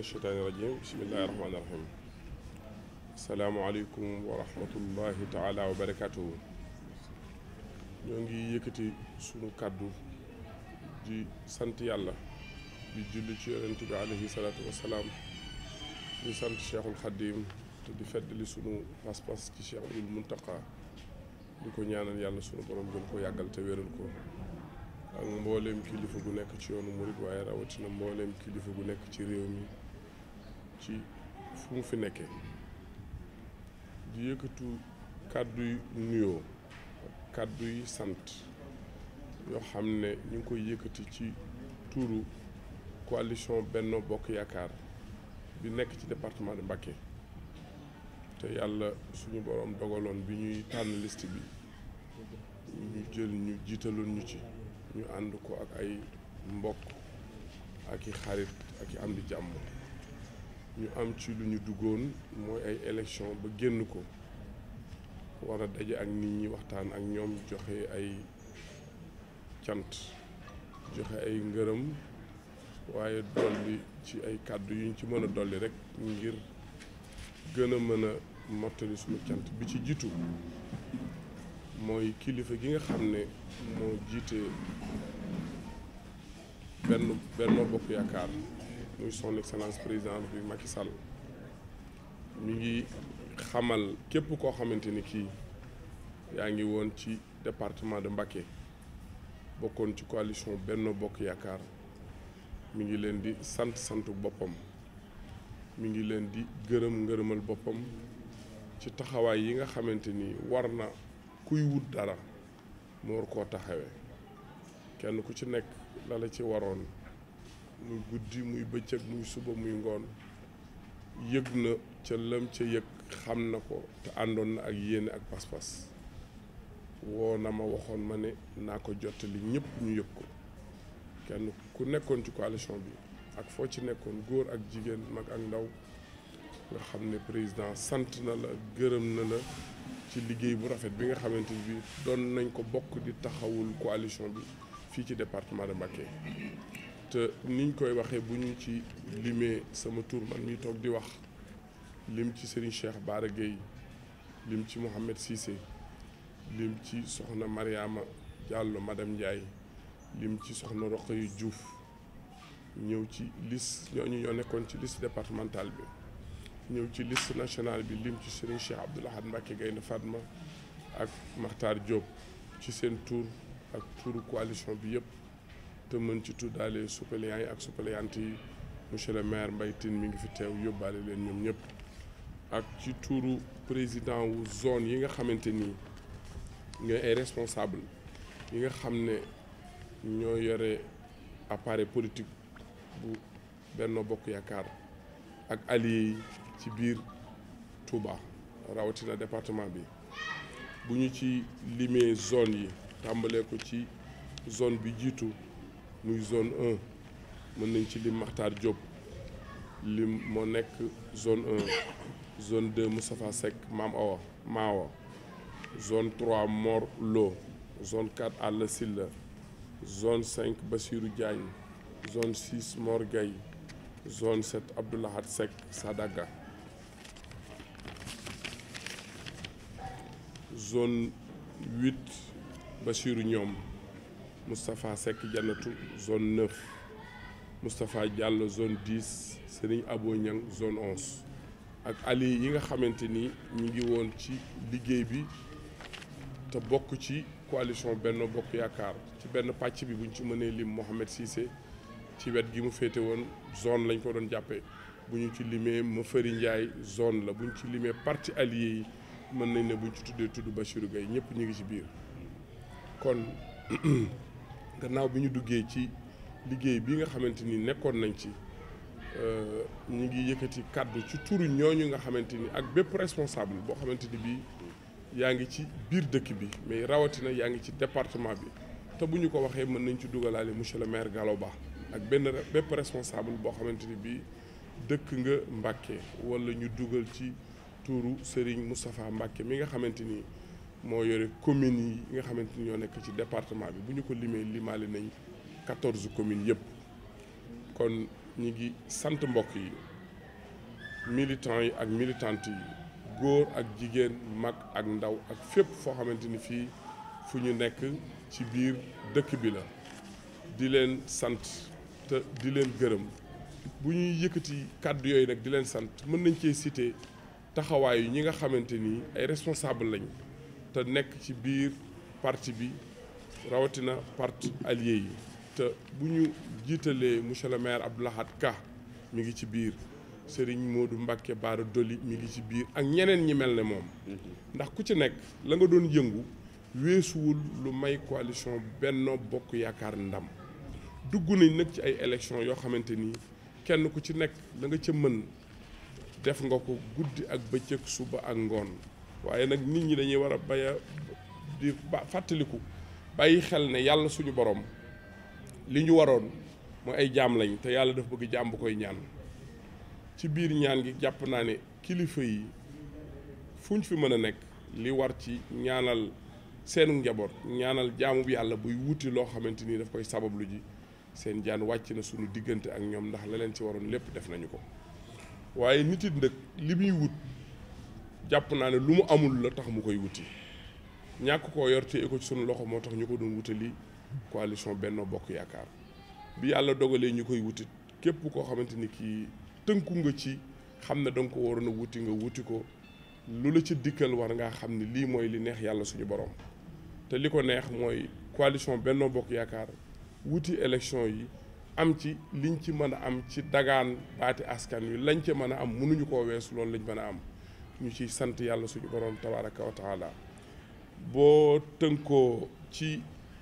min asheytaani irajim bismillahi rahmaani rahim asalaamualeykum wa rahmatullahi taala ñoo ngi yëkkati sunu kàddu di sant yàlla di julli ci yonent bi alayhi salaatu wasalaam di sant cheikhul xadim te di feddali sunu pas-pas ci cheikhul muntaqa di ko ñaanal yàlla sunu borom gën ko yàggal te wéral ko ak mbooleem kilifa gu nekk ci yoonu murit waaye rawatina mbooleem kilifa gu nekk ci réew mi ci fu mu fi nekkee di yëkkatu kàddu yu nuyoo kàddu sant yoo xam ne ñu ngi koy yëkkati ci tuuru coalition Benno Bokk Yaakaar bi nekk ci département de Mbacké te yàlla suñu boroom dogaloon bi ñuy tànn liste bi ñu jël ñu jiitaloon ci ñu ànd ko ak ay mbokk ak i xarit ak i am di jàmm ñu am ci lu ñu duggoon mooy ay élection ba génn ko war daje ak nit ñi waxtaan ak ñoom joxe ay cant joxe ay ngërëm waaye dolli ci ay kàddu yu ñu ci mën a dolli rek ngir gën a mën a mottali suñu cant bi ci jiitu mooy kilifa gi nga xam ne moo jiite benn Benno Bokk Yaakaar muy son excellence président bi Macky Sall ñu ngi xamal képp koo xamante ni kii yaa ngi woon ci département de Mbacké bokkoon ci coalition benn Bokk Yaakaar mu ngi leen di sant santu boppam mu ngi leen di gërëm ngërëmal boppam ci taxawaay yi nga xamante ni war na kuy wut dara mu war koo taxawee kenn ku ci nekk lala ci waroon muy guddi muy bëccëg muy suba muy ngoon yëg na ca lam ca yëg xam na ko te àndoon na ak yéene ak pas-pas woo na ma waxoon ma ne naa ko jottali ñëpp ñu yëg ko kenn ku nekkoon ci coalition bi ak foo ci nekkoon góor ak jigéen mag ak ndaw nga xam ne président sant na la gërëm na la ci liggéey bu rafet bi nga xamante ni bi doon nañ ko bokk di taxawul coalition bi fii ci département de Mbacké te niñ koy waxee bu ñu ci limee sama tur man mi toog di wax lim ci Serigne Cheikh Bara Gueye lim ci Mouhamed Cissé lim ci soxna Mariama Diallo madame Ndiaye lim ci soxna Rokhaya Diouf ñëw ci liste ñooñu ñoo nekkoon ci liste départementale bi ñëw ci liste national bi lim ci Serigne Cheikh Abdoul Ahad Mbacké Gaïndé Fatma ak Makhtar Diop ci seen tur ak turu coalition bi yëpp te mën ci tuddaale suppléants yi ak suppléantes yi monsieur le maire Mbaye Tine mi ngi fi teew yóbbaale leen ñoom ñëpp ak ci tuuru président wu zone yi nga xamante ni ñooy ay responsable yi nga xam ne ñoo yore appareil politique bu Benno Bokk Yaakaar ak alliés yi ci biir Touba rawatina département bi bu ñu ci limee zone yi tàmbalee ko ci zone bi jiitu muy zone 1 mën nañ ci lim Makhtar Diop lim moo nekk zone 1 zone 2 Moustapha Seck Mam Awa Maawa zone 3 Mor Lo zone 4 Alla Silla zone 5 Bassirou Diagne zone 6 Mor Gueye zone 7 Abdoulahat Seck Sadaga zone 8 Bassirou Ñoom Moustapha Seck Janatu zone 9 Moustapha Diallo zone 10 Serigne Abo Niang zone 11 ak ali yi nga xamante ni ñu ngi woon ci liggéey bi te bokk ci coalition Benno Bokk Yaakaar ci benn pàcc bi buñ ci mënee lim Mohamed Cissé ci wet gi mu féete woon zone lañ ko doon jàppee buñu ñu ci limee Mafari Ndiaye zone la bu ci limee parti allié yi mën nañ ne buñ ci tuddee tudd Bachirou Gueye ñëpp ñu ngi ci biir kon gannaaw bi ñu duggee ci liggéey bi nga xamante ni nekkoon nañ ci euh, ñu ngi yëkkati kàddu ci turu ñooñu nga xamante ni ak bépp responsable boo xamante ni bii yaa ngi ci biir dëkk bi mais rawatina yaa ngi ci département bi te bu ñu ko waxee mën nañ ci dugalaale monsieur le maire Gallo Ba ak benn bépp responsable boo xamante ni bii dëkk nga Mbàkke wala ñu dugal ci turu Serigne Moustapha Mbàkke mi nga xamante ni. moo yore communes yi nga xamante ni ñoo nekk ci département bi bu ñu ko limee limaale nañ quatorze communes yëpp kon ñi ngi sant mbokk yi militants yi ak militantes yi góor ak jigéen mag ak ndaw ak fépp foo xamante ni fii fu ñu nekk ci biir dëkk bi la di leen sant te di leen gërëm bu ñuy yëkkati kàddu yooyu nag di leen sant mën nañ cee citer taxawaayu ñi nga xamante ni ay responsable lañ te nekk ci biir parti bi rawatina parti allié yi te bu ñu jiitalee monsieur le maire Abdou Lahad Ka mi ngi ci biir Serigne Modou Mbacké Bara Dolly mi ngi ci biir ak ñeneen ñi mel ne moom ndax ku ci nekk la nga doon jëngu weesuwul lu may coalition Benno Bokk Yaakaar ndam dugg nañ nag ci ay élection yoo xamante ni kenn ku ci nekk la nga ca mën def nga ko guddi ak bëccëg suba ak ngoon waaye nag nit ñi dañuy war a bay a di fàttaliku bàyyi xel ne yàlla suñu borom li ñu waroon mooy ay jaam lañ te yàlla dafa bëgg jaam bu koy ñaan ci biir ñaan gi jàpp naa ne kilifa yi fuñ fi mën a nekk li war ci ñaanal seen njaboot ñaanal jaamu bi yàlla buy wuti loo xamante ni daf koy sabablu ji seen jaan wàcc na suñu diggante ak ñoom ndax la leen ci waroon lépp def nañu ko waaye nit it nag li muy wut. jàpp naa ne lu mu amul la tax mu koy wuti ñàkk koo yor téye ko suñu loxo moo tax ñu ko doon wutali coalition Benno Bokk Yaakaar bi yàlla dogalee ñu koy wuti képp koo xamante ni kii tënku nga ci xam ne danga ko waroon a wuti nga wuti ko lu la ci dikkal war ngaa xam ni lii mooy li neex yàlla suñu borom te li ko neex mooy coalition Benno Bokk Yaakaar wuti élection yi am ci liñ ci mën a am ci dagaan baati askan wi lañ ci mën a am mënuñu koo weesu loolu lañ mën a am ñu ci sant yàlla suñu borom tabaraka wa boo tënkoo ci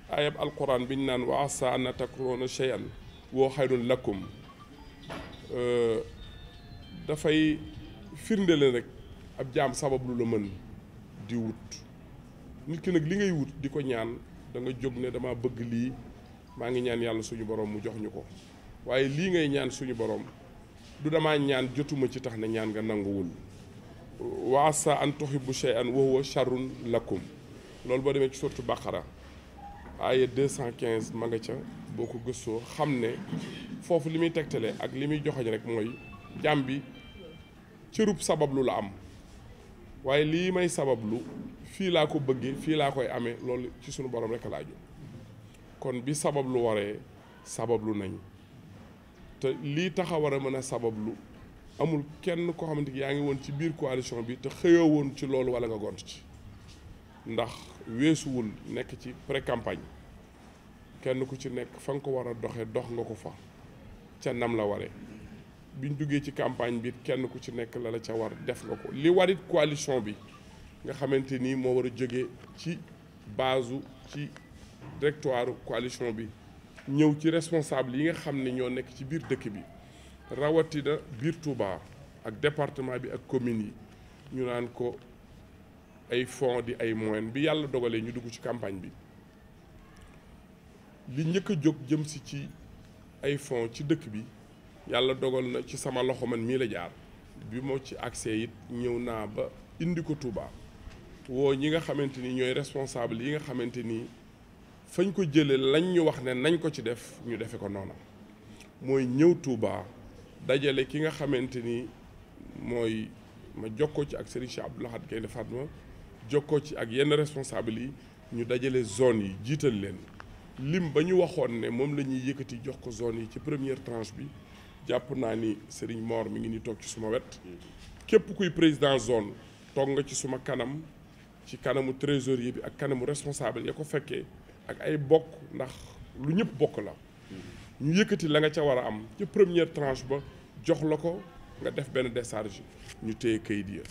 ayab alquran bi ñu naan wa asa an takroona cheyan woo xayrun lakum euh, dafay firnde leen rek ab jaam sabab lu la mën di wut nit ki nag li ngay wut di ko ñaan danga jóg ne dama bëgg lii maa ngi ñaan yàlla suñu borom mu jox ñu ko waaye lii ngay ñaan suñu borom du damaa ñaan jotuma ci tax ne ñaan nga nanguwul waa asa an bu shay'an wa huwa sharrun lakum loolu boo demee ci surtu baqara aaya 215 ma nga ca boo ko gëstoo xam ne foofu li muy tegtale ak li muy joxoñ rek mooy jàmm bi cërub sabablu la am waaye lii may sabablu fii laa ko bëggee fii laa koy amee loolu ci sunu borom rek laaju kon bi sabablu waree sabablu nañ te lii taxa war a mën a sabablu amul kenn koo xamante ni yaa ngi woon ci biir coalition bi te xëyoo woon ci loolu walla nga gont ci ndax weesuwul nekk ci pré-campagne kenn ku ci nekk fa nga ko war a doxee dox nga ko fa ca nam la waree biñ duggee ci campagne bi kenn ku ci nekk la la ca war def nga ko li warit coalition bi nga xamante nii moo war a jógee ci base ci directoire coalition bi ñëw ci responsable yi nga xam ne ñoo nekk ci biir dëkk bi rawatina biir Touba ak département bi ak commune yi ñu naan ko ay fonds di ay moyens bi yàlla dogalee ñu dugg ci campagne bi li njëkk a jóg jëm si ci ay fonds ci dëkk bi yàlla dogal na ci sama loxo man mii la jaar bi moo ci accès it ñëw naa ba indi ko Touba woo ñi nga xamante ni ñooy responsable yi nga xamante ni fañ ko jëlee lañ ñu wax ne nañ ko ci def ñu defe ko noonu mooy ñëw Touba. dajale ki nga xamante ni mooy ma jokkoo ci ak Serigne Cheikh Abdou Lahad Gaïndé Fatma jokkoo ci ak yenn responsable yi ñu dajale zone yi jiital leen lim ba ñu waxoon ne moom la ñuy yëkkati jox ko zone yi ci première tranche bi jàpp naa ni Serigne Mor mi ngi ni toog ci suma wet képp kuy président zone toog nga ci suma kanam ci kanamu yi bi ak kanamu responsable ya ko fekkee ak ay bokk ndax lu ñëpp bokk la ñu yëkkati la nga ca war a am ca première tranche ba jox la ko nga def benn décharge ñu téye kayit ya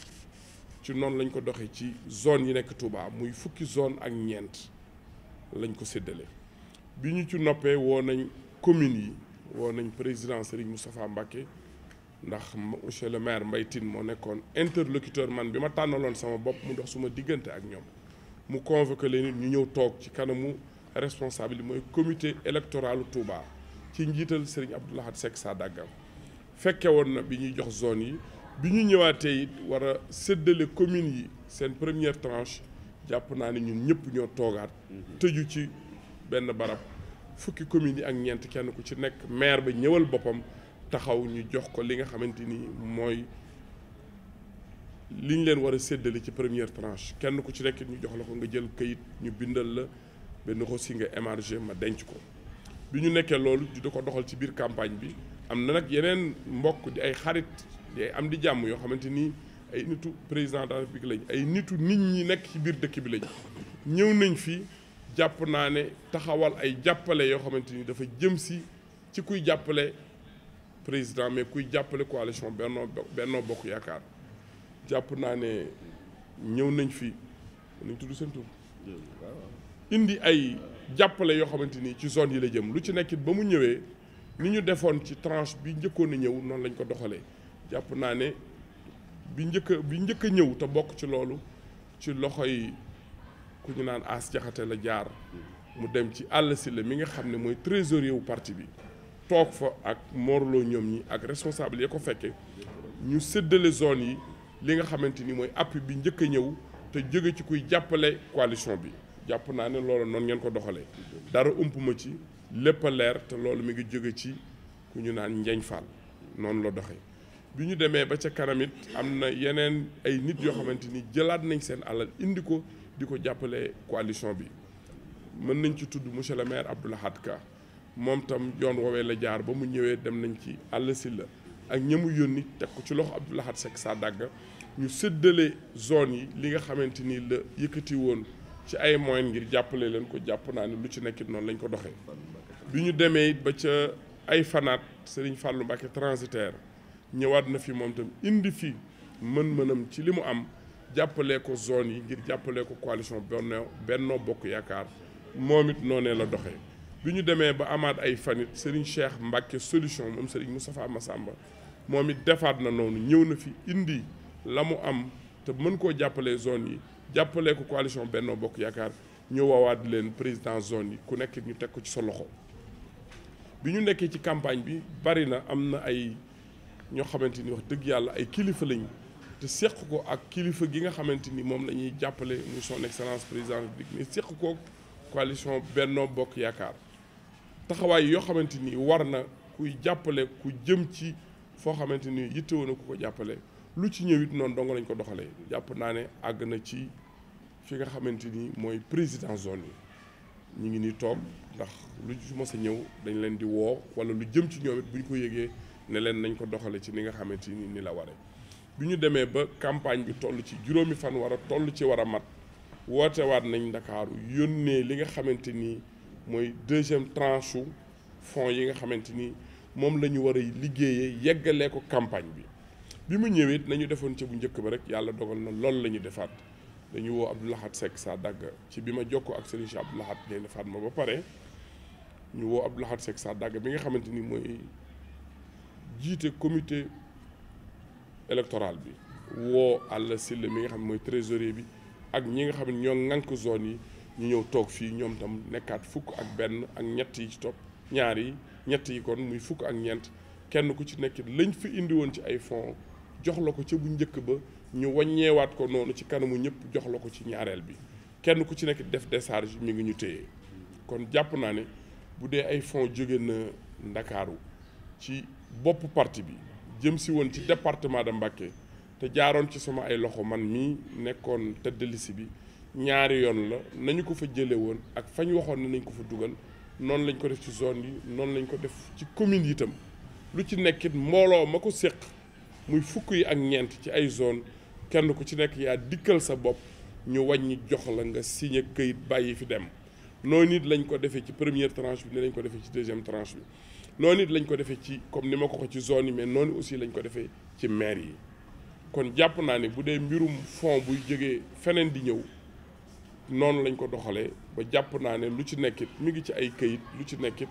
ci noonu lañ ko doxee ci zone yi nekk Touba muy fukki zone ak ñeent lañ ko séddale bi ñu ci noppee woo nañ communes yi woo nañ président Serigne Moustapha Mbacké ndax monsieur le maire Mbaye Tine moo nekkoon interlocuteur man bi ma tànnaloon sama bopp mu dox suma diggante ak ñoom mu convoqué nit ñu ñëw toog ci kanamu responsable yi mooy comité électoral Touba. ci njiital Serigne Abdou Lahad Seck saa dàggam fekke woon na bi ñuy jox zone yi bi ñu ñëwaatee it war a séddale communes yi seen première tranche jàpp naa ne ñun ñëpp ñoo toogaat tëju ci benn barab fukki commune yi ak ñeent kenn ku ci nekk maire ba ñëwal boppam taxaw ñu jox ko li nga xamante ni mooy li ñu leen war a séddale ci première tranche kenn ku ci nekk ñu jox la ko nga jël kayit ñu bindal la benn rosi nga émargé ma denc ko bi ñu nekkee loolu di ko doxal ci biir campagne bi am na nag yeneen mbokk di ay xarit di am di jàmm yoo xamante ni ay nitu président de lañ ay nitu nit ñi nekk ci biir dëkk bi lañ ñëw nañ fi jàpp naa ne taxawal ay jàppale yoo xamante ni dafa jëm si ci kuy jàppale président mais kuy jàppale coalition Benno Benno Bokk Yaakaar jàpp naa ne ñëw nañ fi nañ tudd seen indi ay jàppale yoo xamante ni ci zone yi la jëm lu ci nekkit ba mu ñëwee ni ñu defoon ci tranche bi njëkkoon a ñëw noon lañ ko doxalee jàpp naa ne bi njëkk bi njëkk a ñëw te bokk ci loolu ci loxo yi ku naan As Jaxate la jaar mu dem ci àll mi nga xam ne mooy trésorier wu parti bi toog fa ak morloo ñoom ñi ak responsable ya ko fekke ñu séddale zone yi li nga xamante ni mooy appui bi njëkk a ñëw te jóge ci kuy jàppale coalition bi jàpp naa ne loolu noonu ngeen ko doxalee dara ump ma ci lépp leer te loolu mi ngi jóge ci ku ñu naan njeñ faal noonu la doxe bi ñu demee ba ca kanamit am na yeneen ay nit yoo xamante ni jëlaat nañ seen alal indi ko di ko jàppale coalition bi mën nañ ci tudd monsieur le maire Abdou Lahad Ka moom tam yoon woowee la jaar ba mu ñëwee dem nañ ci àll si la ak ñamu yónni teg ko ci loxo Abdou Lahad Seck saa dàgga ñu sëddale zone yi li nga xamante ni la yëkkati woon ci ay moyens ngir jàppale leen ko jàpp naa ne lu ci nekkit noonu lañ ko doxee bi ñu demee ba ca ay fanaat Serigne Fallou Mbacké transitaire ñëwaat na fi moom tam indi fi mën-mënam ci li mu am jàppale ko zone yi ngir jàppalee ko coalition Benno Benno Bokk Yaakaar moom it noonee la doxee bi ñu demee ba amaat ay fanit Serigne Cheikh Mbacké solution moom Serigne Moustapha Massamba moom it defaat na noonu ñëw na fi indi la mu am te mën koo jàppalee zone yi jàppale ko coalition Benno Bokk Yaakaar ñu woowaat leen président zone yi ku nekk ñu teg ko ci sa loxo bi ñu nekkee ci campagne bi bari na am na ay ñoo xamante ni wax dëgg yàlla ay kilifa lañu te seq ko ak kilifa gi nga xamante ni moom la ñuy jàppale muy son excellence président république mais seq ko coalition Benno Bokk Yaakaar taxawaay yoo xamante ni war na kuy jàppale ku jëm ci foo xamante ni yitte woon na ku ko jàppale lu ci ñëw it noonu dong lañ ko doxalee jàpp naa ne àgg na ci fi nga xamante ni mooy président zone yi ñu ngi ni toog ndax lu ci mos ñëw dañ leen di woo wala lu jëm ci ñoom it bu ñu ko yëgee ne leen nañ ko doxalee ci ni nga xamante ni ni la waree. bi ñu demee ba campagne bi toll ci juróomi fan war a toll ci war a mat wootewaat nañ Ndakaaru yónnee li nga xamante ni mooy deuxième tranche fonds yi nga xamante ni moom la ñu war a liggéeyee yeggalee ko campagne bi. bi mu ñëwee nañu defoon ci bu njëkk ba rek yàlla dogal na loolu la ñu defaat dañu woo Abdou Lahad Seck saa dàgg ci bi ma jokkoo ak Serigne Cheikh Abdou Lahad Gaïndé Fatma ba pare ñu woo Abdou Lahad Seck saa dàgg bi nga xamante ni mooy jiite comité électoral bi woo Alla Sylla mi nga xam mooy trésorier bi ak ñi nga xam ne ñoo ŋànk zone yi ñu ñëw toog fii ñoom tam nekkaat fukk ak benn ak ñett yi ci topp ñaar yi ñett yi kon muy fukk ak ñeent kenn ku ci nekk lañ fi indi woon ci ay fonds jox la ko ca bu njëkk ba ñu wàññeewaat ko noonu ci kanamu ñëpp jox la ko ci ñaareel bi kenn ku ci nekk def décharge mi ngi ñu téye kon jàpp naa ne bu dee ay fonds jóge na ndakaaru ci bopp parti bi jëm si woon ci département de Mbacké te jaaroon ci sama ay loxo man mii nekkoon te liste bi ñaari yoon la nañu ko fa jële woon ak fañ waxoon ne nañ ko fa dugal noonu lañ ko def ci zone yi noonu lañ ko def ci commune yitam lu ci nekkit mbooloo ma ko séq muy fukk yi ak ñeent ci ay zone kenn ku ci nekk yaa dikkal sa bopp ñu wàññi jox la nga signé këyit bàyyi fi dem noonu it lañ ko defee ci première tranche bi ne lañ ko defee ci deuxième tranche bi noonu it lañ ko defee ci comme ni ma ko ko ci zone yi mais noonu aussi lañ ko defee ci maire yi kon jàpp naa ne bu dee mbirum fond buy jógee feneen di ñëw noonu lañ ko doxalee ba jàpp naa ne lu ci nekkit mi ngi ci ay këyit lu ci nekkit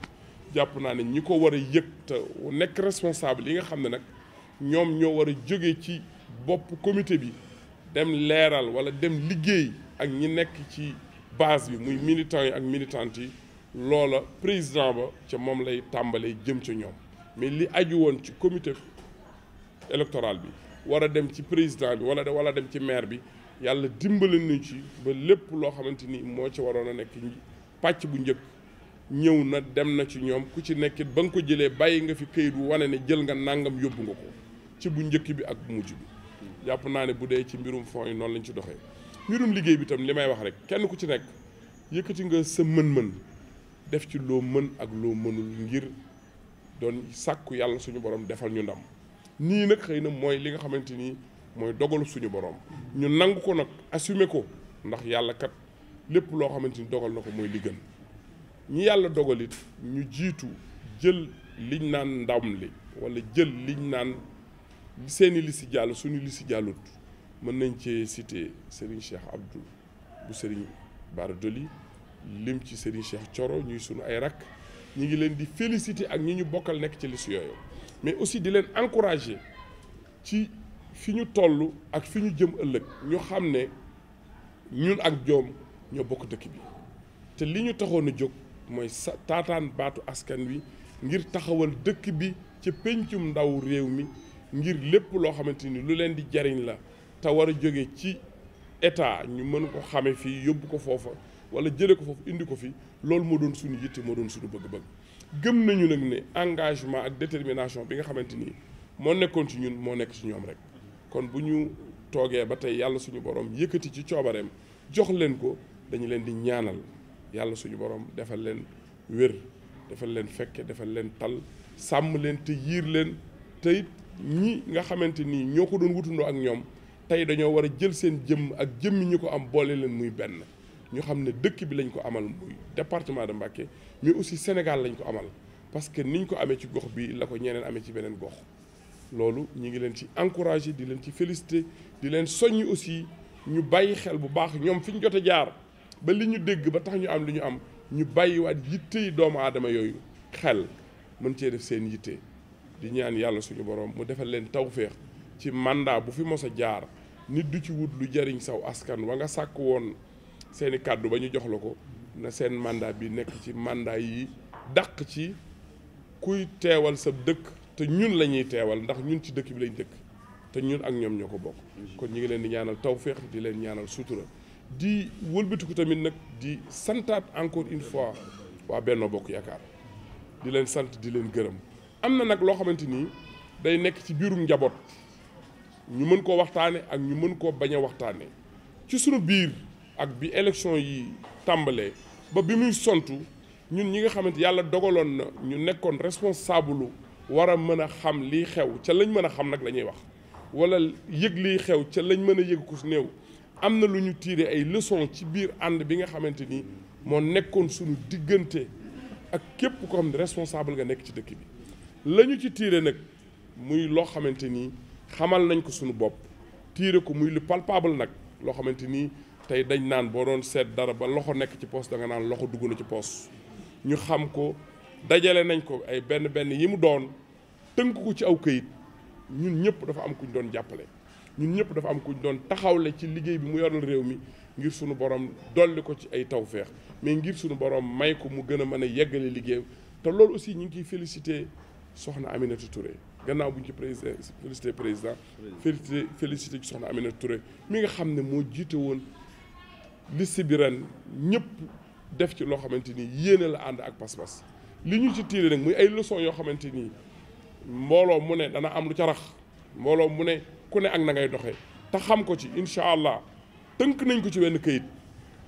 jàpp naa ne ñi ko war a yëg te nekk responsable yi nga xam ne nag ñoom ñoo war a jóge ci bopp comité bi dem leeral wala dem liggéey ak ñi nekk ci base bi muy militants yi ak militantes yi loola président ba ca moom lay tàmbalee jëm ca ñoom mais li aju woon ci comité électoral bi war a dem ci président bi wala wala dem ci maire bi yàlla dimbali nañu ci ba lépp loo xamante ni moo ci waroon a nekk pàcc bu njëkk ñëw na dem na ci ñoom ku ci nekkit ba nga ko jëlee bàyyi nga fi këyit wu wane ne jël nga nangam yóbbu nga ko ci bu njëkk bi ak bu mujj bi jàpp naa ne bu dee ci mbirum fonds yi noonu lañ ci doxee mbirum liggéey bi tam li may wax rek kenn ku ci nekk yëkkati nga sa mën-mën def ci loo mën ak loo mënul ngir doon sàkku yàlla suñu borom defal ñu ndam nii nag xëy na mooy li nga xamante ni mooy dogalu suñu borom ñu nangu ko nag assumer ko ndax yàlla kat lépp loo xamante ni dogal na ko mooy li gën ñi yàlla dogalit ñu jiitu jël liñ naan ndam li wala jël liñ naan seeni liste jàll suñu liste jàllut mën nañ cee citer Serigne Cheikh Abdou bu Serigne Bara Doli lim ci Serigne Cheikh Thioro ñuy sunu ay rakk ñu ngi leen di féliciter ak ñi ñu bokkal nekk ci liste yooyu mais aussi di leen encourager ci fi ñu toll ak fi ñu jëm ëllëg ñu xam ne ñun ak joom ñoo bokk dëkk bi te li ñu taxoon a jóg mooy sa taataan baatu askan wi ngir taxawal dëkk bi ci pencum ndaw réew mi ngir lépp loo xamante ni lu leen di jariñ la te war a jóge ci état ñu mën ko xame fii yóbbu ko foofa wala jële ko foofu indi ko fii loolu moo doon suñu yitte moo doon suñu bëgg-bëgg gëm nañu nag ni engagement ak détermination bi nga xamante ni moo nekkoon ci ñun moo nekk ci ñoom rek kon bu ñu toogee ba tey yàlla suñu boroom yëkkati ci coobareem jox leen ko dañu leen di ñaanal yàlla suñu borom defal leen wér defal leen fekke defal leen tal sàmm leen te yiir leen te ñi nga xamante ni ñoo ko doon wutandoo ak ñoom tey dañoo war a jël seen jëmm ak jëmmi ñi ko am boole leen muy benn ñu xam ne dëkk bi lañ ko amal muy département de Mbacké mais aussi Sénégal lañ ko amal parce que niñ ko amee ci gox bi la ko ñeneen amee ci beneen gox loolu ñu ngi leen ci encouragé di leen ci félicité di leen soññ aussi ñu bàyyi xel bu baax ñoom fi ñu jot a jaar ba li ñu dégg ba tax ñu am li ñu am ñu bàyyiwaat yitte yi doomu aadama yooyu xel mën cee def seen yitte. di ñaan yàlla suñu borom mu defal leen tawféex ci màndaa bu fi mos a jaar nit du ci wut lu jariñ saw askan wa nga sàkk woon seeni kàddu ba ñu jox la ko na seen mandat bi nekk ci màndaa yi dàq ci kuy teewal sa dëkk te ñun lañuy teewal ndax ñun ci dëkk bi lañ dëkk te ñun ak ñoom ñoo ko bokk kon ñu ngi leen di ñaanal tawféex di leen ñaanal sutura di wëlbitu wëlbatiku tamit nag di santaat encore une fois waa Benno Bokk Yaakaar di leen sant di leen gërëm am na nag loo xamante ni day nekk ci biirum njaboot ñu mën koo waxtaanee ak ñu mën koo bañ a waxtaane ci sunu biir ak bi élection yi tàmbalee ba bi muy sontu ñun ñi nga xamante yàlla dogaloon na ñu nekkoon responsable war a mën a xam liy xew ca lañ mën a xam nag la ñuy wax wala yëg liy xew ca lañ mën a yëg ku si néew am na lu ñu tiire ay leçon ci biir ànd bi nga xamante ni moo nekkoon suñu diggante ak képp ko xam ne responsable nga nekk ci dëkk bi la ñu ci tiire nag muy loo xamante ni xamal nañ ko suñu bopp tiire ko muy lu palpable nag loo xamante ni tey dañ naan boo doon seet dara ba loxo nekk ci poos da nga naan loxo dugg na ci poos ñu xam ko dajale nañ ko ay benn benn yi mu doon tënk ko ci aw kayit ñun ñëpp dafa am ku kuñ doon jàppale ñun ñëpp dafa am kuñ doon taxawle ci liggéey bi mu yoral réew mi ngir sunu borom dolli ko ci ay tawféex mais ngir sunu borom may ko mu gën a mën a yeggale liggéeyam te loolu aussi ñu ngi ciy félicité soxna Aminata Touré gannaaw bu ñu ci président félicité président félicité félicité ci soxna Aminata Touré mi nga xam ne moo jiite woon liste bi ren ñëpp def ci loo xamante ni yéene la ànd ak pas-pas li ñu ci tiire nag muy ay leçon yoo xamante nii mbooloo mu ne dana am lu ca mbooloo mu ne ku ne ak na ngay doxee te xam ko ci incha allah tënk nañ ko ci benn kayit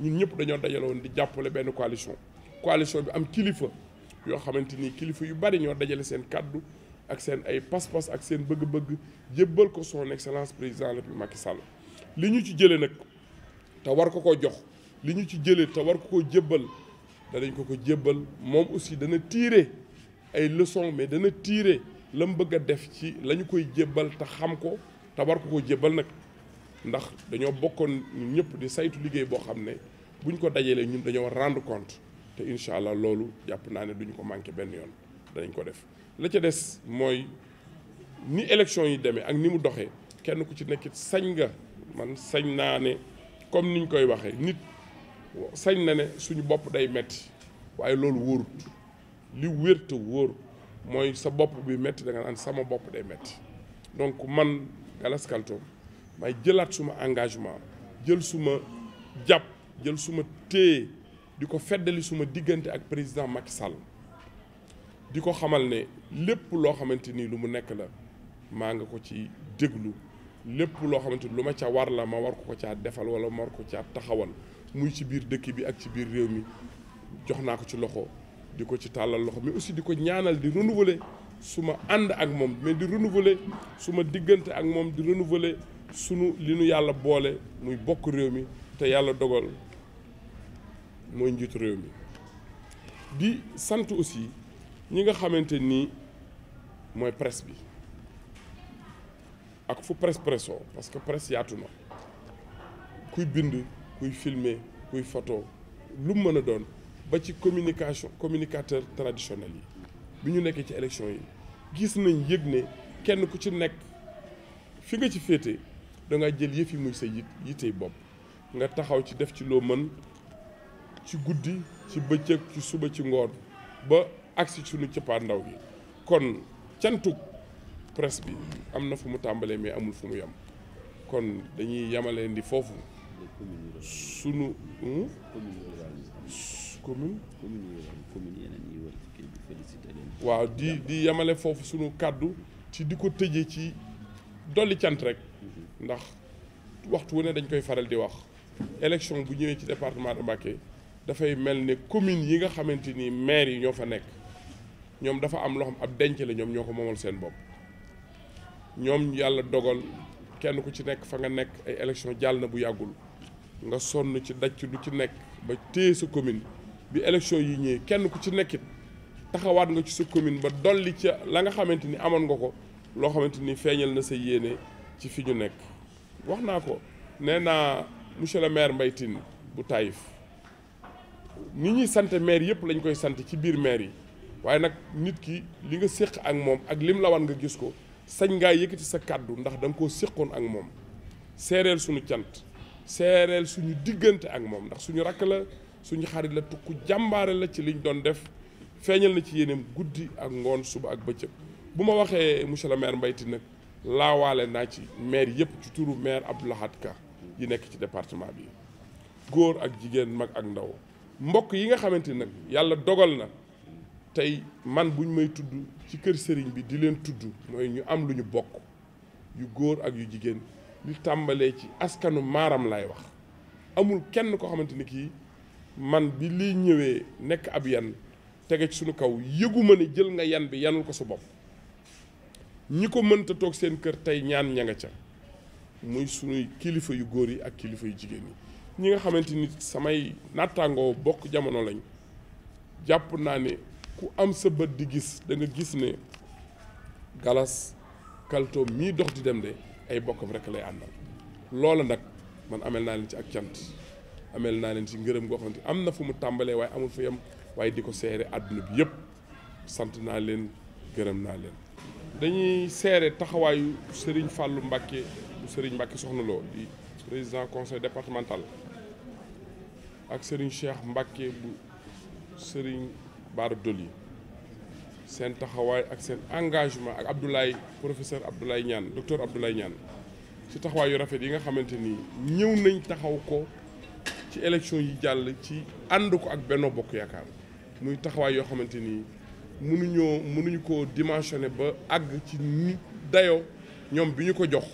ñu ñëpp dañoo dajale woon di jàppale benn coalition coalition bi am kilifa yoo xamante ni kilifa yu bari ñoo dajale seen kàddu ak seen ay pas-pas ak seen bëgg-bëgg jébbal ko son excellence président la Macky Sall li ñu ci jëlee nag te war ko ko jox li ñu ci jëlee te war ko ko jébbal danañ ko ko jébbal moom aussi dana tiire ay leçons mais dana tiire la mu bëgg a def ci la ñu koy jébbal te xam ko te war ko ko jébbal nag ndax dañoo bokkoon ñun ñëpp di saytu liggéey boo xam ne bu buñ ko dajalee ñun dañoo rendre compte. te incha allah loolu jàpp naa ne duñu ko manqué benn yoon danañ ko def la ca des mooy ni élection yi demee ak ni mu doxee kenn ku ci nekkit sañ nga man sañ naa ne comme niñ koy waxee nit sañ na ne suñu bopp day metti waaye loolu wóorut li wér te wóor mooy sa bopp bi metti da nga naan sama bopp day metti donc man Galas Kaltoum may jëlaat suma engagement jël suma jàpp jël suma téye di ko feddali suma diggante ak président Macky Sall di ko xamal ne lépp loo xamante ni lu mu nekk la maa nga ko ci déglu lépp loo xamante ni lu ma ca war la ma war ko ko defal wala ma war ko caa taxawal muy ci biir dëkk bi ak ci biir réew mi jox naa ko ci loxo di ko ci tàllal loxo mais aussi di ko ñaanal di renouveler su ma ànd ak moom mais di renouveler su ma diggante ak moom di renouveler sunu li nu yàlla boole muy bokk réew mi te yàlla dogal mooy njiitu réew mi di sant aussi ñi nga xamante ni mooy presse bi ak fu presse pressoo parce que presse yaatu na kuy bind kuy filmer kuy photo lu mu mën a doon ba ci communication communicateur traditionnel yi bi ñu nekkee ci élection yi gis nañ yëg ne kenn ku ci nekk fi nga ci féete da nga jël yëfi yi muy sa yit yitey bopp nga taxaw ci def ci loo mën ci guddi ci bëccëg ci suba ci ngoon ba agsi suñu ndaw gi kon cantuk presse bi am na fu mu tàmbalee mais amul fu mu yam kon dañuy yamaleen di foofu sunu hmm? commune waaw di di yamale foofu sunu kàddu ci di ko tëjee ci dolli cant rek ndax waxtu wu ne dañ koy faral di wax élection bu ñëwee ci département de Mbacké dafay mel ni commune yi nga xamante ni maire yi ñoo fa nekk ñoom dafa am loo xam ab denc ñoom ñoo ko moomal seen bopp ñoom yàlla dogal kenn ku ci nekk fa nga nekk ay élection jàll na bu yàggul nga sonn ci daj lu ci nekk ba téye sa commune bi élection yi ñëwee kenn ku ci nekkit taxawaat nga ci sa commune ba dolli ca la nga xamante ni amoon nga ko loo xamante ni feeñal na sa yéene ci fi ñu nekk wax naa ko nee naa monsieur le maire Mbaye bu tayif ni ñuy sant maire yëpp lañ koy sant ci biir maire yi waaye nag nit ki li nga séq ak moom ak lim la wan nga gis ko sañ ngaa yëkkati sa kàddu ndax da koo séqoon ak moom seereel suñu cant seereel suñu diggante ak moom ndax suñu rakk la suñu xarit la tukku jàmbaare la ci liñ doon def feeñal na ci yéeneem guddi ak ngoon suba ak bëccëg bu ma waxee monsieur le maire Mbaye Tine nag laawaale naa ci maire yëpp ci turu maire ab Lahad Ka yi nekk ci département bi góor ak jigéen mag ak ndaw mbokk yi nga xamante nag yàlla dogal na tey man buñ may tudd ci kër sëriñ bi di leen tudd mooy ñu am lu ñu bokk yu góor ak yu jigéen li tàmbalee ci askanu maaram laay wax amul kenn ko xamante ni kii man bi lii ñëwee nekk ab yan tege ci suñu kaw yëguma ne jël nga yan bi yanul ko sa bopp ñi ko mënta toog seen kër tey ñaan ña nga ca muy suñuy kilifa yu góor yi ak kilifa yu jigéen yi ñi nga xamante ni samay nattaangoo bokk jamono lañ jàpp naa ne ku am sa bët di gis da nga gis ne galas kalto mii dox di dem de ay bokkam rek lay àndal loola nag man amel naa leen ci ak cant amel naa leen ci ngërëm goo xamante am na fu mu tàmbalee waaye amul fu yem waaye di ko seere àdduna bi yëpp sant naa leen gërëm naa leen dañuy seere taxawaayu Serigne fàllu Mbacké bu Serigne Mbacké soxna loo di président conseil départemental ak Serigne Cheikh Mbacke bu Serigne Bara Doli seen taxawaay ak seen engagement ak Abdoulaye professeur Abdoulaye Niane docteur Abdoulaye ñaan ci taxawaay yu rafet yi nga xamante nii ñëw nañ taxaw ko ci élection yi jàll ci ànd ko ak Benno Bokk Yaakaar muy taxawaay yoo xamante ni mënuñoo mënuñu ko dimensionné ba àgg ci ni dayoo ñoom bi ñu ko jox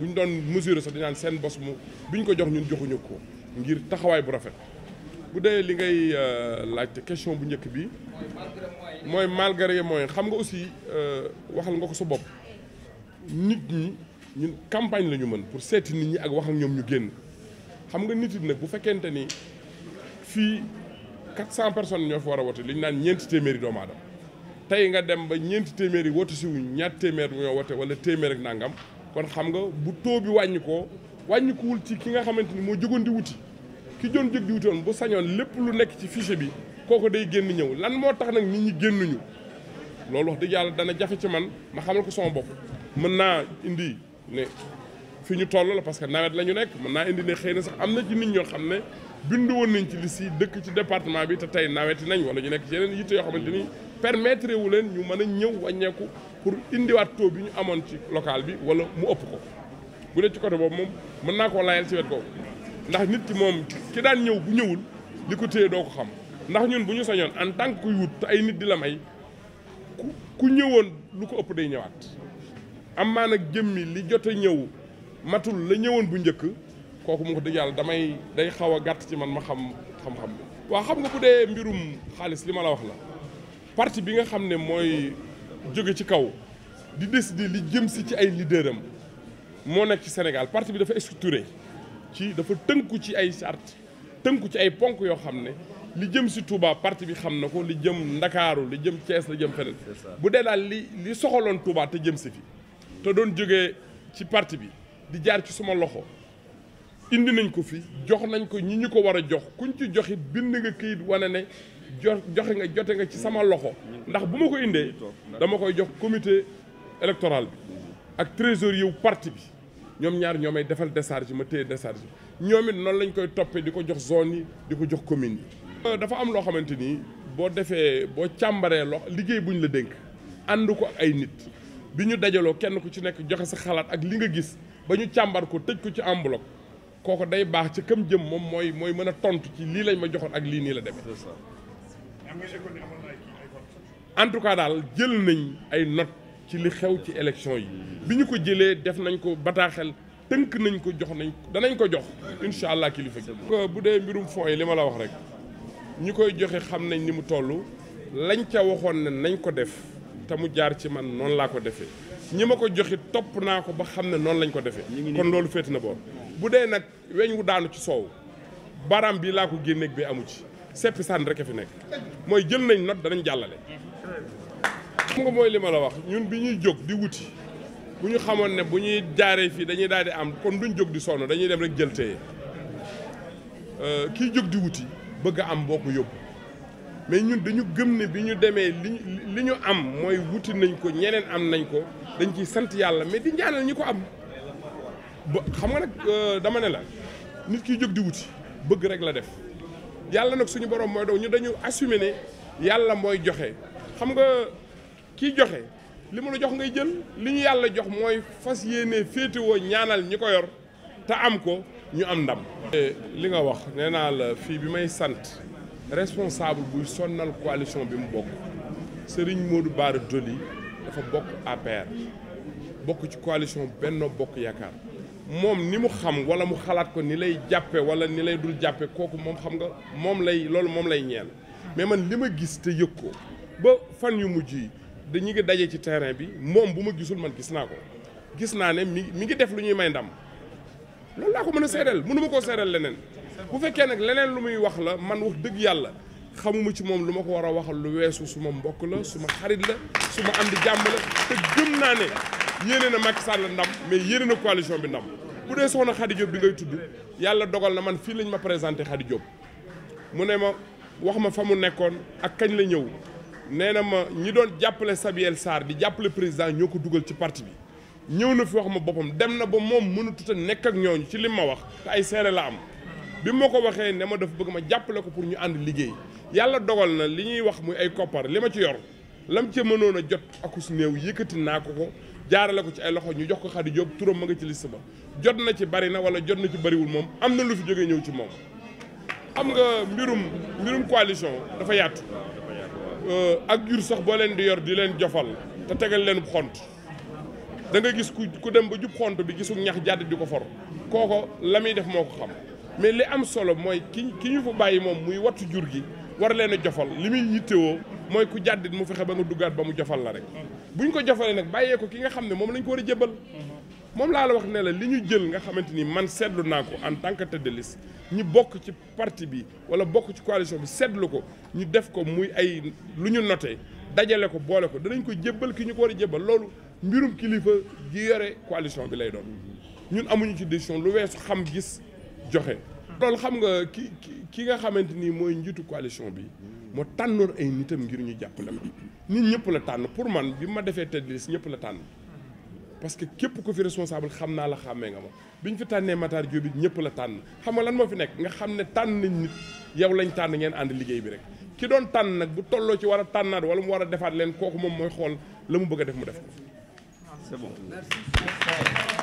buñ doon mesure sax di seen bos mu bi ñu ko jox ñun joxuñu ko. ngir taxawaay bu rafet bu dee li ngay euh, laajte question bu njëkk bi mooy malgré mooy xam nga aussi euh, waxal nga ko sa bopp nit ñi ñun campagne la ñu mën pour seeti nit ñi ak wax ñoom ñu génn xam nga nit it nag bu fekkente ni fii 400 personnes ñoo fi war a wote li ñu naan ñeenti téeméeri doomu aadama tey nga dem ba ñeenti téeméeri wote si wuñ ñaar téeméer ñoo wote wala téeméer ak nangam kon xam nga bu taux bi wàññi ko wàññikuwul ci ki nga xamante ni moo jógoon di wuti ki doon jóg di wuti woon bu sañoon lépp lu nekk ci fichier bi kooku day génn ñëw lan moo tax nag nit ñi génnuñu loolu wax dëgg yàlla dana jafe ci man ma xamal ko sama bopp mën naa indi ne fi ñu toll la parce que nawet la ñu nekk mën naa indi ne xëy na sax am na ci nit xam ne bindu woon nañ ci li si dëkk ci département bi te tey naweti nañ wala ñu nekk ci yeneen yitte yoo xamante ni permettre wu leen ñu mën a ñëw wàññeeku pour indiwaat taux bi ñu amoon ci local bi wala mu ëpp bu dee ci côté boobu moom mën naa koo layal ci wet googu ndax nit ki moom ki daan ñëw bu ñëwul li ko téye doo ko xam ndax ñun bu ñu sañoon en tant que kuy wut te ay nit di la may ku ku ñëwoon lu ko ëpp day ñëwaat am maa nag jëmmi li jot a ñëw matul la ñëwoon bu njëkk kooku mu wax dëgg yàlla damay day xaw a gàtt ci man ma xam xam waa xam nga bu dee mbirum xaalis li ma la wax la parti bi nga xam ne mooy jóge ci kaw di di li jëm si ci ay leader am moo nekk ci Sénégal parti bi dafa structuré ci dafa tënku ci ay charte tënku ci ay ponk yoo xam ne li jëm si Touba parti bi xam na ko li jëm Ndakaaru li jëm Thiès la jëm feneen bu dee daal li li soxaloon Touba te jëm si fi te doon jógee ci parti bi di jaar ci suma loxo indi nañ ko fi jox nañ ko ñi ñu ko war a jox kuñ ci joxit bind nga këyit wane ne jo joxe nga jote nga ci sama loxo ndax bu ma ko indee dama koy jox comité électoral bi ak trésorier wu parti bi ñoom ñaar ñoo may defal décharge ma téye décharge ñoom it noonu lañ koy toppee di ko jox zone yi di ko jox commune euh, dafa am loo xamante ni boo defee boo càmbaree lo liggéey buñ la dénk ànd ko ak ay nit bi ñu dajaloo kenn ku ci nekk joxe sa xalaat ak li nga gis ba ñu càmbar ko tëj ko ci en bloc kooku day baax ci kam jëm moom mooy mooy mën a tontu ci lii lañ ma joxoon ak lii nii la demee. en tout cas daal jël nañ ay notes. ci li xew ci élection yi bi ñu ko jëlee def nañ ko bataaxel tënk nañ ko jox nañ danañ ko jox incha allah kilifa gi bu dee mbirum fonds yi li ma la wax rek ñu koy joxe xam nañ ni mu tollu lañ ca waxoon ne nañ ko def te mu jaar ci man noonu laa ko defee ñi ma ko joxi topp naa ko ba xam ne noonu lañ ko defee kon loolu féete na boor bu dee nag weñ wu daanu ci soow baram bi laa ko génneeg bi amu ci seppi sànni rek a fi nekk mooy jël nañ not danañ jàllale xam nga mooy li ma la wax ñun bi ñuy jóg di wuti bu ñu xamoon ne bu ñuy jaaree fii dañuy daal di am kon duñ jóg di sonn dañuy dem rek jël kii euh, kiy jóg di wuti bëgg am boo ko mais ñun dañu gëm ne bi ñu demee li li am mooy wuti nañ ko ñeneen am nañ ko dañ ciy sant yàlla mais di ñaanal ñi ko am ba xam nga nag euh, dama ne la nit kiy jóg di wuti bëgg rek la def yàlla nag suñu borom mooy doon ñu dañu assumer ne yàlla mooy joxe xam nga. kii joxe li mu la jox ngay jël li ñu yàlla jox mooy fas yéene féetewoo ñaanal ñi ko yor te am ko ñu am ndam. li nga wax nee naa la fii bi may sant responsable buy sonnal coalition bi mu bokk sëriñ Modou Bara Doli dafa bokk APR bokk ci coalition Benno Bokk Yaakaar moom ni mu xam wala mu xalaat ko ni lay jàppe wala ni lay dul jàppe kooku moom xam nga moom lay loolu moom lay ñeel mais man li ma gis te yëg ko ba fan yu mujj yi dañu ngi daje ci terrain bi moom bu ma gisul man gis naa ko gis naa ne mi mi ngi def lu ñuy may ndam loolu laa ko mën a seedeel mënu ma koo seedeel leneen bu fekkee nag leneen lu muy wax la man wax dëgg yàlla xamuma ci moom lu ma ko war a waxal lu weesu suma mbokk la ma xarit la suma am di jàmm te gëm naa ne yéene na Macky Sall ndam mais yéene na coalition bi ndam bu dee soxna Khady Diop bi ngay tudd yàlla dogal na man fii lañ ma présenté xari Diop mu ne ma wax ma fa mu nekkoon ak kañ la ñëw nee na ma ñi doon jàppale Samuel Sarr di jàppale président ñoo ko dugal ci parti bi ñëw na fi wax ma boppam dem na ba moom mënatut a nekk ak ñooñu ci lim ma wax te ay seere la am bi ma ko waxee ne ma dafa bëgg ma jàppale ko pour ñu ànd liggéey yàlla dogal na li ñuy wax muy ay koppar li ma ci yor lam ca mënoon a jot akus néew yëkkati naa ko ko jaarale ko ci ay loxo ñu jox ko Khady Diop turam ma nga ci liste jot na ci bari na wala jot na ci bariwul moom am na lu fi jógee ñëw ci moom xam nga mbirum mbirum coalition dafa yaatu Euh, ak jur sax boo leen di yor di leen jofal te tegal leen xont da nga gis ku ku dem ba jub xont bi gisul ñax jàdd di ko for kooko la muy def moo ko xam mais li am solo mooy ki ki ñu fa bàyyi moom muy wattu jur gi war leen a jofal li muy yittewoo mooy ku jàddit mu fexe ba nga duggaat ba mu jofal la rek bu ñu ko jofalee nag bàyyee ko ki nga xam ne moom lañ ko war a jëbal moom laa la wax ne la li ñu jël nga xamante ni man seetlu naa ko en tant que tête de liste bokk ci parti bi wala bokk ci coalition bi seetlu ko ñu def ko muy ay lu ñu noté dajale ko boole ko danañ ko jébbal ki ñu ko war a jébbal loolu mbirum kilifa gi yore coalition bi lay doon ñun amuñu ci décision lu wees xam gis joxe. loolu xam nga ki ki nga xamante ni mooy njiitu coalition bi moo tànnoon ay nitam ngir ñu jàppale ko nit ñëpp la tànn pour man bi ma defee tête ñëpp la tànn. parce que képp ku fi responsable xam naa la xàmmee nga ma bi ñu fi tànnee Matar Diop it ñëpp la tànn xam lan moo fi nekk nga xam ne tànn nañ nit yow lañ tànn ngeen ànd liggéey bi rek ki doon tànn nag bu tolloo ci war a tànnaat wala mu war a defaat leen kooku moom mooy xool la mu bëgg a def mu def ko c'est